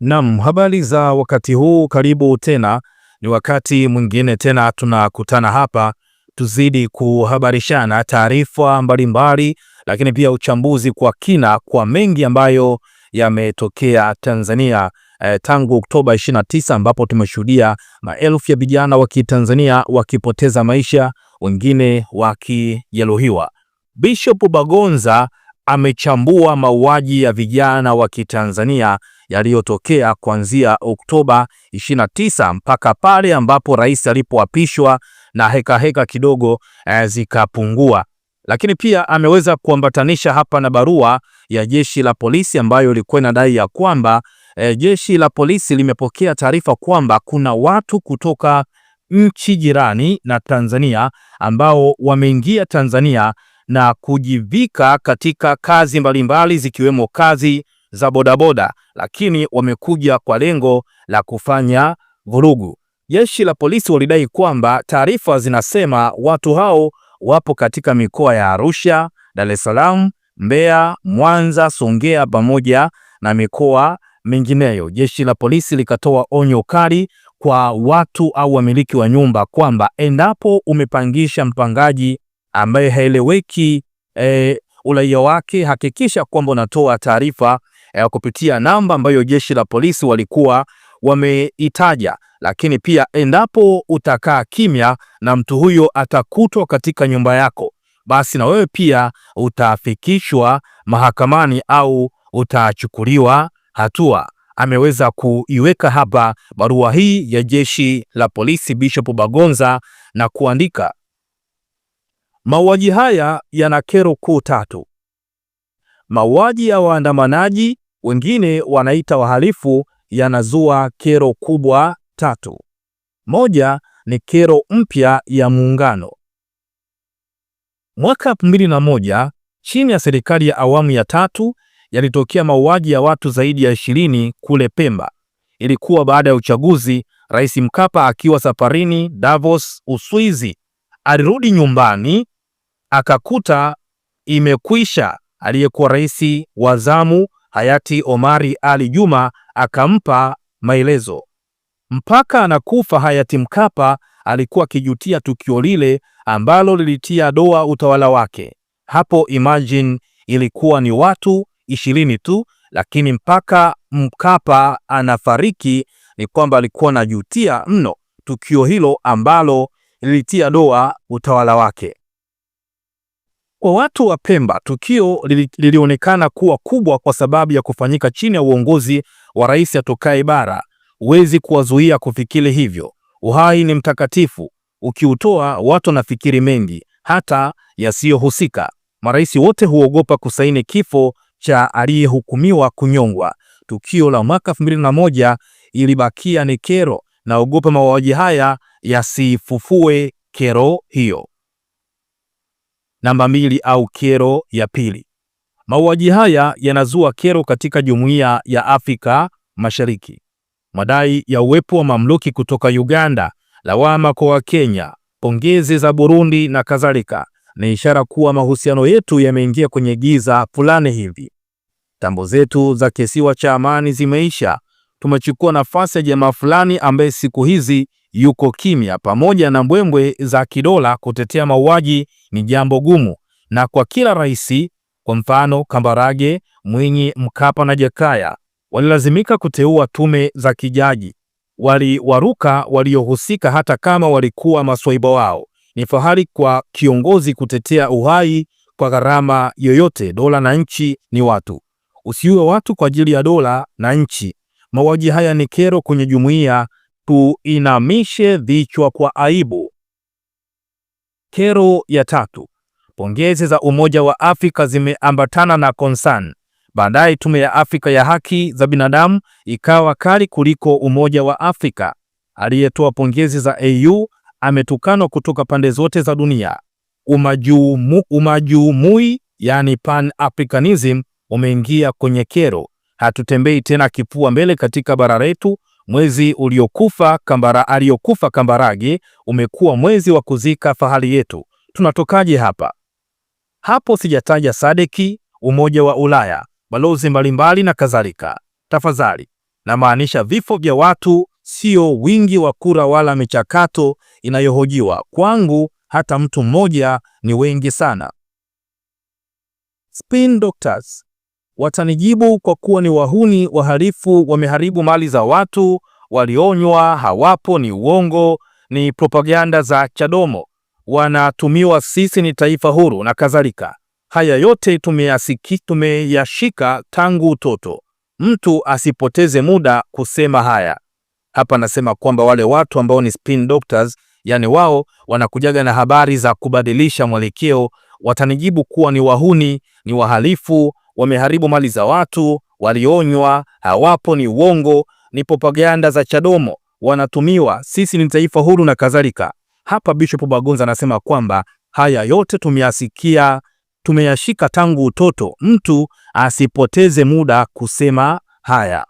Naam, habari za wakati huu, karibu tena. Ni wakati mwingine tena tunakutana hapa tuzidi kuhabarishana taarifa mbalimbali, lakini pia uchambuzi kwa kina kwa mengi ambayo yametokea Tanzania eh, tangu Oktoba 29 ambapo tumeshuhudia maelfu ya vijana wa Kitanzania wakipoteza maisha, wengine wakijeruhiwa. Bishop Bagonza amechambua mauaji ya vijana wa Kitanzania yaliyotokea kuanzia Oktoba 29 mpaka pale ambapo rais alipoapishwa na hekaheka heka kidogo eh, zikapungua. Lakini pia ameweza kuambatanisha hapa na barua ya jeshi la polisi ambayo ilikuwa inadai ya kwamba eh, jeshi la polisi limepokea taarifa kwamba kuna watu kutoka nchi jirani na Tanzania ambao wameingia Tanzania na kujivika katika kazi mbalimbali zikiwemo kazi za bodaboda, lakini wamekuja kwa lengo la kufanya vurugu. Jeshi la polisi walidai kwamba taarifa zinasema watu hao wapo katika mikoa ya Arusha, Dar es Salaam, Mbeya, Mwanza, Songea pamoja na mikoa mingineyo. Jeshi la polisi likatoa onyo kali kwa watu au wamiliki wa nyumba kwamba endapo umepangisha mpangaji ambaye haeleweki e, uraia wake, hakikisha kwamba unatoa taarifa eh, kupitia namba ambayo jeshi la polisi walikuwa wameitaja, lakini pia endapo utakaa kimya na mtu huyo atakutwa katika nyumba yako, basi na wewe pia utafikishwa mahakamani au utachukuliwa hatua. Ameweza kuiweka hapa barua hii ya jeshi la polisi Bishop Bagonza na kuandika, mauaji haya yana kero kuu tatu: mauaji ya waandamanaji wengine wanaita wahalifu, yanazua kero kubwa tatu. Moja ni kero mpya ya muungano. Mwaka 2001 chini ya serikali ya awamu ya tatu yalitokea mauaji ya watu zaidi ya 20 kule Pemba. Ilikuwa baada ya uchaguzi. Rais Mkapa akiwa safarini Davos, Uswizi, alirudi nyumbani akakuta imekwisha. Aliyekuwa rais wa zamu hayati Omari Ali Juma akampa maelezo. Mpaka anakufa hayati Mkapa alikuwa akijutia tukio lile ambalo lilitia doa utawala wake. Hapo imagine ilikuwa ni watu ishirini tu, lakini mpaka Mkapa anafariki ni kwamba alikuwa anajutia mno tukio hilo ambalo lilitia doa utawala wake. Kwa watu wa Pemba, tukio lilionekana kuwa kubwa kwa sababu ya kufanyika chini ya uongozi wa rais atokaye bara. Huwezi kuwazuia kufikiri hivyo. Uhai ni mtakatifu, ukiutoa watu wanafikiri mengi, hata yasiyohusika. Marais wote huogopa kusaini kifo cha aliyehukumiwa kunyongwa. Tukio la mwaka 2001 ilibakia ni kero. Naogopa mauaji haya yasifufue kero hiyo namba mbili au kero ya pili. Mauaji haya yanazua kero katika jumuiya ya Afrika Mashariki, madai ya uwepo wa mamluki kutoka Uganda, lawama kwa Wakenya, pongezi za Burundi na kadhalika, ni ishara kuwa mahusiano yetu yameingia kwenye giza fulani hivi. Tambo zetu za kisiwa cha amani zimeisha. Tumechukua nafasi ya jamaa fulani ambaye siku hizi yuko kimya, pamoja na mbwembwe za kidola kutetea mauaji ni jambo gumu, na kwa kila rais, kwa mfano Kambarage, Mwinyi, Mkapa na Jakaya, walilazimika kuteua tume za kijaji, waliwaruka waliohusika hata kama walikuwa maswaiba wao. Ni fahari kwa kiongozi kutetea uhai kwa gharama yoyote. Dola na nchi ni watu, usiue watu kwa ajili ya dola na nchi. Mauaji haya ni kero kwenye jumuiya, tuinamishe vichwa kwa aibu. Kero ya tatu, pongezi za Umoja wa Afrika zimeambatana na concern. Baadaye Tume ya Afrika ya Haki za Binadamu ikawa kali kuliko Umoja wa Afrika. Aliyetoa pongezi za AU ametukanwa kutoka pande zote za dunia. Umajumu, umajumui yani pan africanism umeingia kwenye kero. Hatutembei tena kifua mbele katika bara letu, Mwezi uliokufa Kambara, aliyokufa Kambarage umekuwa mwezi wa kuzika fahari yetu. Tunatokaje hapa? Hapo sijataja Sadeki, Umoja wa Ulaya, balozi mbalimbali na kadhalika. Tafadhali, namaanisha vifo vya watu, sio wingi wa kura wala michakato inayohojiwa. Kwangu hata mtu mmoja ni wengi sana. Spin Doctors watanijibu kwa kuwa ni wahuni, wahalifu, wameharibu mali za watu, walionywa hawapo, ni uongo, ni propaganda za Chadomo, wanatumiwa, sisi ni taifa huru na kadhalika. Haya yote tumeyasiki, tumeyashika tangu utoto. Mtu asipoteze muda kusema haya hapa. Nasema kwamba wale watu ambao ni spin doctors, yani wao wanakujaga na habari za kubadilisha mwelekeo, watanijibu kuwa ni wahuni, ni wahalifu wameharibu mali za watu, walionywa hawapo, ni uongo, ni propaganda za Chadomo, wanatumiwa, sisi ni taifa huru na kadhalika. Hapa Bishop Bagonza anasema kwamba haya yote tumeyasikia, tumeyashika tangu utoto. Mtu asipoteze muda kusema haya.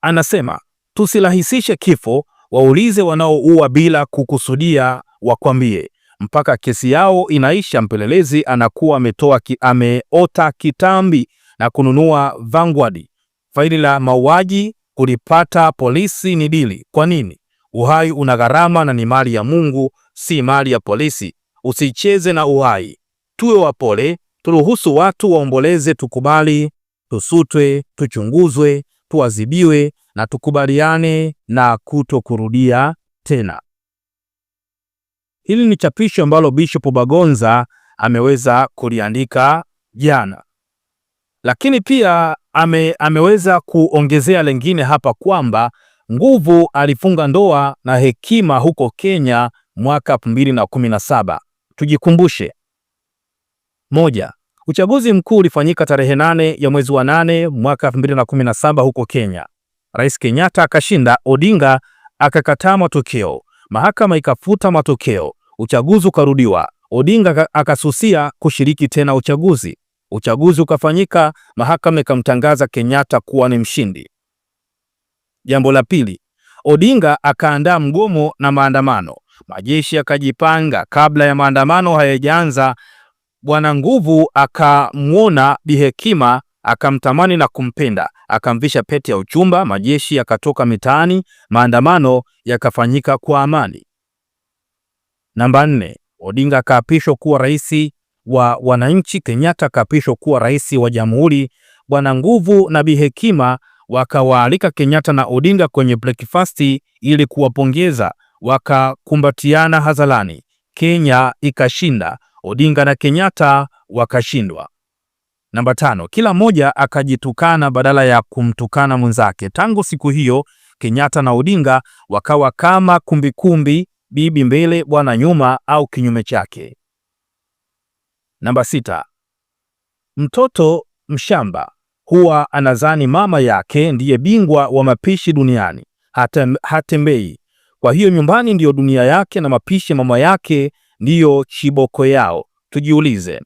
Anasema tusirahisishe kifo, waulize wanaoua bila kukusudia, wakwambie mpaka kesi yao inaisha, mpelelezi anakuwa ametoa ki, ameota kitambi na kununua vanguard. Faili la mauaji kulipata polisi ni dili. Kwa nini? Uhai una gharama na ni mali ya Mungu, si mali ya polisi. Usicheze na uhai, tuwe wapole, turuhusu watu waomboleze, tukubali, tusutwe, tuchunguzwe, tuadhibiwe na tukubaliane na kutokurudia tena. Hili ni chapisho ambalo Bishop Bagonza ameweza kuliandika jana, lakini pia ame, ameweza kuongezea lengine hapa kwamba Nguvu alifunga ndoa na Hekima huko Kenya mwaka 2017. Tujikumbushe, moja, uchaguzi mkuu ulifanyika tarehe 8 ya mwezi wa 8 mwaka 2017 huko Kenya. Rais Kenyatta akashinda, Odinga akakataa matokeo mahakama ikafuta matokeo, uchaguzi ukarudiwa. Odinga akasusia kushiriki tena uchaguzi. Uchaguzi ukafanyika, mahakama ikamtangaza Kenyatta kuwa ni mshindi. Jambo la pili, Odinga akaandaa mgomo na maandamano. Majeshi akajipanga kabla ya maandamano hayajaanza. Bwana Nguvu akamwona Bihekima, akamtamani na kumpenda, akamvisha pete ya uchumba, majeshi yakatoka mitaani, maandamano yakafanyika kwa amani. Namba nne, Odinga akaapishwa kuwa rais wa wananchi, Kenyatta akaapishwa kuwa rais wa jamhuri. Bwana Nguvu na Bi Hekima wakawaalika Kenyatta na Odinga kwenye breakfast ili kuwapongeza. Wakakumbatiana hadharani. Kenya ikashinda, Odinga na Kenyatta wakashindwa. Namba tano, kila mmoja akajitukana badala ya kumtukana mwenzake. Tangu siku hiyo Kenyatta na Odinga wakawa kama kumbikumbi, bibi mbele, bwana nyuma au kinyume chake. Namba sita, mtoto mshamba huwa anadhani mama yake ndiye bingwa wa mapishi duniani, hatembei. Kwa hiyo nyumbani ndiyo dunia yake na mapishi mama yake ndiyo chiboko yao. Tujiulize.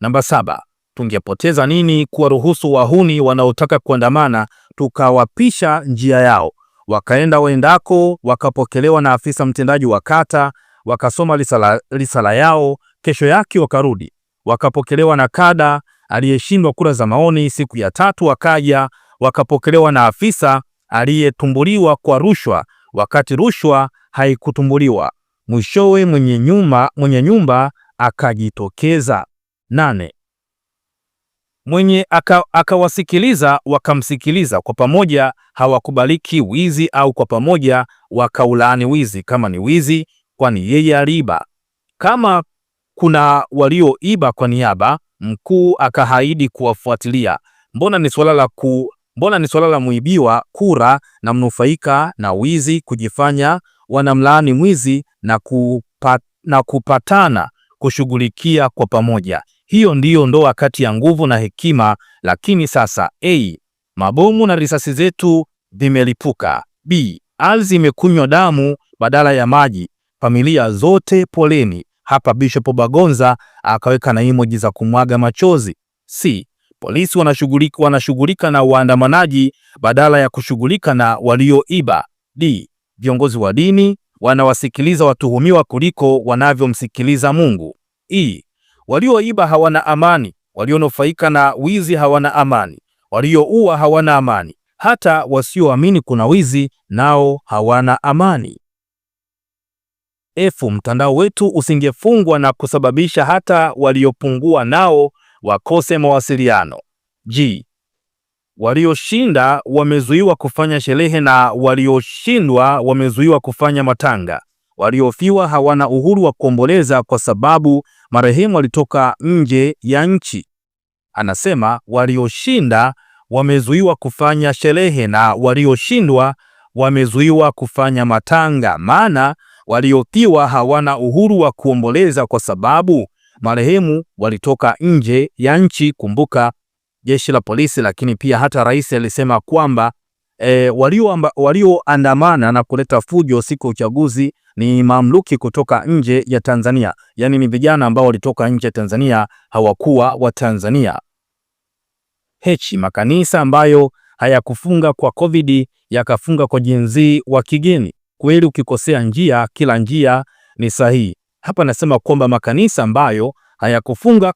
Namba saba Tungepoteza nini kuwaruhusu wahuni wanaotaka kuandamana, tukawapisha njia yao, wakaenda waendako, wakapokelewa na afisa mtendaji wa kata, wakasoma risala, risala yao, kesho yake wakarudi wakapokelewa na kada aliyeshindwa kura za maoni. Siku ya tatu wakaja wakapokelewa na afisa aliyetumbuliwa kwa rushwa, wakati rushwa haikutumbuliwa. Mwishowe mwenye nyumba, mwenye nyumba akajitokeza. nane mwenye akawasikiliza aka wakamsikiliza, kwa pamoja hawakubaliki wizi, au kwa pamoja wakaulaani wizi, kama ni wizi, kwani yeye aliiba. Kama kuna walioiba kwa niaba, mkuu akahaidi kuwafuatilia. Mbona ni swala la ku, mbona ni swala la mwibiwa kura na mnufaika na wizi kujifanya wanamlaani mwizi na, kupa, na kupatana kushughulikia kwa pamoja. Hiyo ndiyo ndoa kati ya nguvu na hekima. Lakini sasa A, mabomu na risasi zetu vimelipuka. B, ardhi imekunywa damu badala ya maji. Familia zote poleni. Hapa Bishop Bagonza akaweka na emoji za kumwaga machozi. C, polisi wanashughulika wanashughulika na waandamanaji badala ya kushughulika na walioiba. D, viongozi wa dini wanawasikiliza watuhumiwa kuliko wanavyomsikiliza Mungu. E, Walioiba hawana amani, walionufaika na wizi hawana amani, walioua hawana amani, hata wasioamini kuna wizi nao hawana amani. Efu, mtandao wetu usingefungwa na kusababisha hata waliopungua nao wakose mawasiliano. G, walioshinda wamezuiwa kufanya sherehe na walioshindwa wamezuiwa kufanya matanga waliofiwa hawana uhuru wa kuomboleza kwa sababu marehemu walitoka nje ya nchi. Anasema walioshinda wamezuiwa kufanya sherehe na walioshindwa wamezuiwa kufanya matanga, maana waliofiwa hawana uhuru wa kuomboleza kwa sababu marehemu walitoka nje ya nchi. Kumbuka jeshi la polisi, lakini pia hata rais alisema kwamba e, eh, walioandamana walio na kuleta fujo siku ya uchaguzi ni mamluki kutoka nje ya Tanzania, yaani ni vijana ambao walitoka nje ya Tanzania, hawakuwa wa Tanzania. Hechi, makanisa ambayo hayakufunga kwa COVID yakafunga kwa jinzi wa kigeni. Kweli ukikosea njia, kila njia ni sahihi. Hapa nasema kwamba makanisa ambayo hayakufunga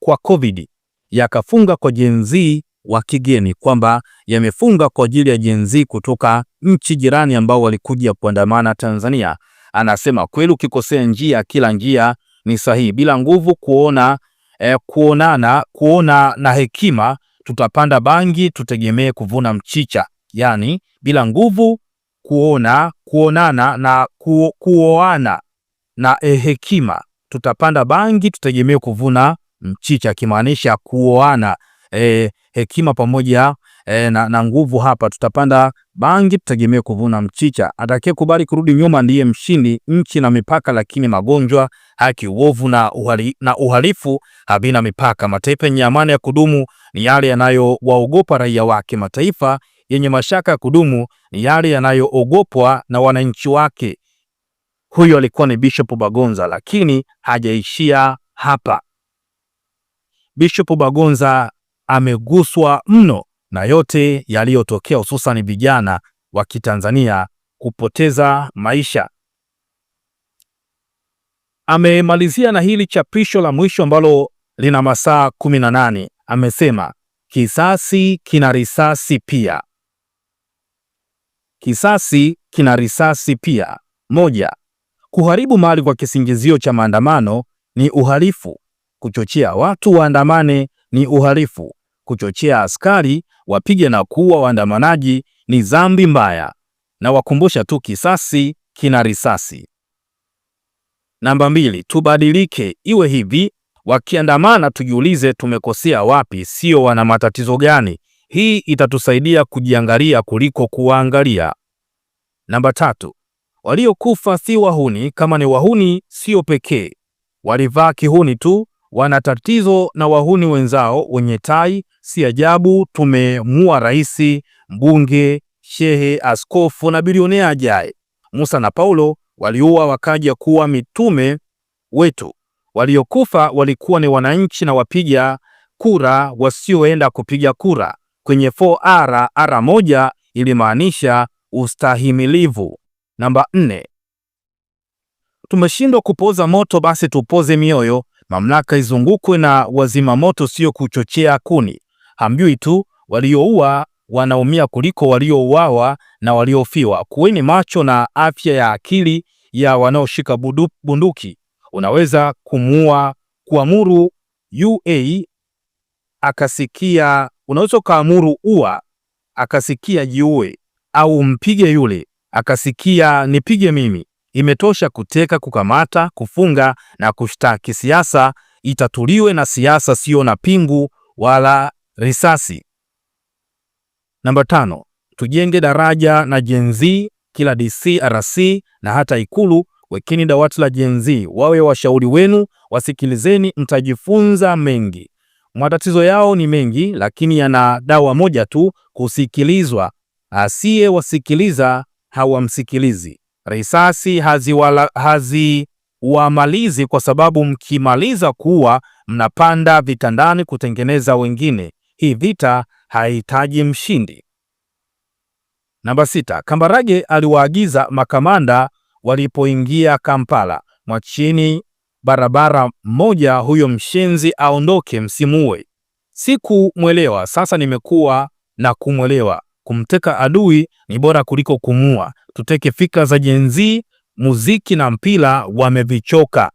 kwa COVID yakafunga kwa jinzi wa kigeni kwamba yamefunga kwa ajili ya Gen Z kutoka nchi jirani ambao walikuja kuandamana Tanzania. Anasema kweli, ukikosea njia, kila njia ni sahihi. Bila nguvu kuona eh, kuonana kuona na hekima, tutapanda bangi tutegemee kuvuna mchicha. Yani bila nguvu kuona kuonana na ku, kuoana na eh, hekima, tutapanda bangi tutegemee kuvuna mchicha, akimaanisha kuoana eh, hekima pamoja e, na, na nguvu. Hapa tutapanda bangi, tutegemee kuvuna mchicha. Atakayekubali kurudi nyuma ndiye mshindi. Nchi na mipaka, lakini magonjwa, haki, uovu na, uhali, na uhalifu havina mipaka. Mataifa yenye amani ya kudumu ni yale yanayowaogopa raia wake. Mataifa yenye mashaka ya kudumu ni yale yanayoogopwa na wananchi wake. Huyo alikuwa ni Bishop Bagonza, lakini hajaishia hapa. Bishop Bagonza ameguswa mno na yote yaliyotokea, hususan vijana wa Kitanzania kupoteza maisha. Amemalizia na hili chapisho la mwisho ambalo lina masaa 18. Amesema kisasi kina risasi pia, kisasi kina risasi pia. Moja, kuharibu mali kwa kisingizio cha maandamano ni uhalifu. Kuchochea watu waandamane ni uhalifu kuchochea askari wapige na kuua waandamanaji ni dhambi mbaya, na wakumbusha tu kisasi kina risasi. Namba mbili, tubadilike iwe hivi, wakiandamana tujiulize tumekosea wapi, sio wana matatizo gani. Hii itatusaidia kujiangalia kuliko kuwaangalia. Namba tatu, waliokufa si wahuni. Kama ni wahuni, sio pekee, walivaa kihuni tu, wana tatizo na wahuni wenzao wenye tai. Si ajabu tumemua rais, mbunge, shehe, askofu na bilionea ajaye. Musa na Paulo waliua wakaja kuwa mitume wetu. Waliokufa walikuwa ni wananchi na wapiga kura wasioenda kupiga kura. Kwenye 4R, R moja ilimaanisha ustahimilivu. Namba 4 tumeshindwa kupoza moto, basi tupoze mioyo Mamlaka izungukwe na wazima moto, sio kuchochea kuni. Hamjui tu walioua wanaumia kuliko waliouawa na waliofiwa. Kuweni macho na afya ya akili ya wanaoshika bunduki. Unaweza kumuua kuamuru UA akasikia, unaweza ukaamuru ua akasikia jiue, au mpige yule akasikia nipige mimi imetosha kuteka, kukamata, kufunga na kushtaki. Siasa itatuliwe na siasa, sio na pingu wala risasi. Namba tano, tujenge daraja na Gen Z kila DC, RC na hata Ikulu. Wekeni dawati la Gen Z wawe washauri wenu, wasikilizeni, mtajifunza mengi. Matatizo yao ni mengi, lakini yana dawa moja tu: kusikilizwa. Asiyewasikiliza hawamsikilizi. Risasi haziwamalizi kwa sababu mkimaliza kuwa mnapanda vitandani kutengeneza wengine. Hii vita haihitaji mshindi. Namba sita. Kambarage aliwaagiza makamanda walipoingia Kampala, mwachini barabara moja huyo mshenzi aondoke, msimuue. Sikumwelewa, sasa nimekuwa na kumwelewa kumteka adui ni bora kuliko kumua. Tuteke fikra za Gen Z, muziki na mpira wamevichoka.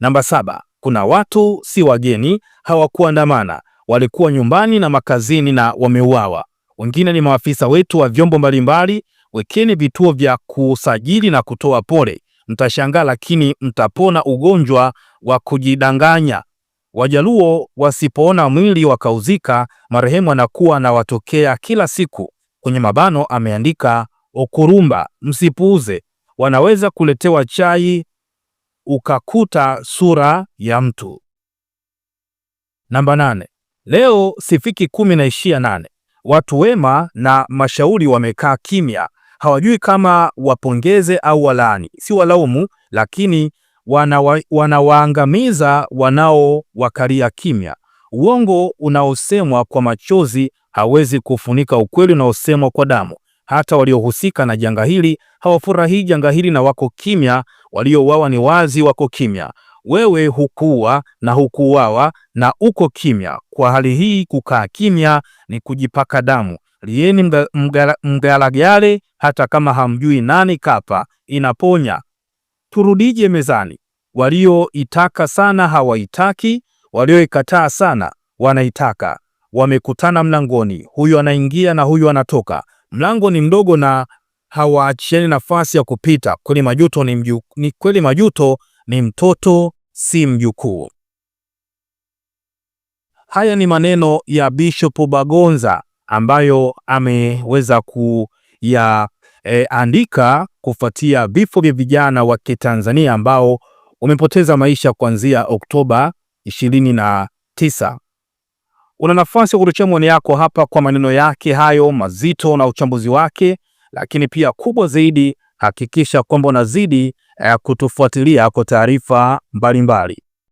Namba saba, kuna watu si wageni, hawakuandamana, walikuwa nyumbani na makazini na wameuawa. Wengine ni maafisa wetu wa vyombo mbalimbali. Wekeni vituo vya kusajili na kutoa pole. Mtashangaa lakini mtapona ugonjwa wa kujidanganya. Wajaluo wasipoona mwili wakauzika, marehemu anakuwa anawatokea kila siku. Kwenye mabano ameandika okurumba, msipuuze. Wanaweza kuletewa chai ukakuta sura ya mtu. Namba nane. Leo sifiki kumi na ishia nane. Watu wema na mashauri wamekaa kimya, hawajui kama wapongeze au walaani. Si walaumu, lakini wanawa, wanawaangamiza wanaowakalia kimya. Uongo unaosemwa kwa machozi hawezi kufunika ukweli unaosemwa kwa damu. Hata waliohusika na janga hili hawafurahii janga hili na wako kimya. Waliouawa ni wazi, wako kimya. Wewe hukuwa na hukuuawa na uko kimya. Kwa hali hii, kukaa kimya ni kujipaka damu. Lieni mgalagale, hata kama hamjui nani kapa. Inaponya turudije mezani. Walioitaka sana hawaitaki, walioikataa sana wanaitaka. Wamekutana mlangoni, huyu anaingia na huyu anatoka. Mlango ni mdogo na hawaachiani nafasi ya kupita. Kweli majuto ni mju, ni kweli majuto ni mtoto, si mjukuu. Haya ni maneno ya Bishop Bagonza ambayo ameweza kuya e, andika kufuatia vifo vya vijana wa Kitanzania ambao wamepoteza maisha kuanzia Oktoba 29. Una nafasi ya kutochea maoni yako hapa kwa maneno yake hayo mazito na uchambuzi wake, lakini pia kubwa zaidi, hakikisha kwamba unazidi e, kutufuatilia kwa taarifa mbalimbali.